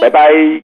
拜拜。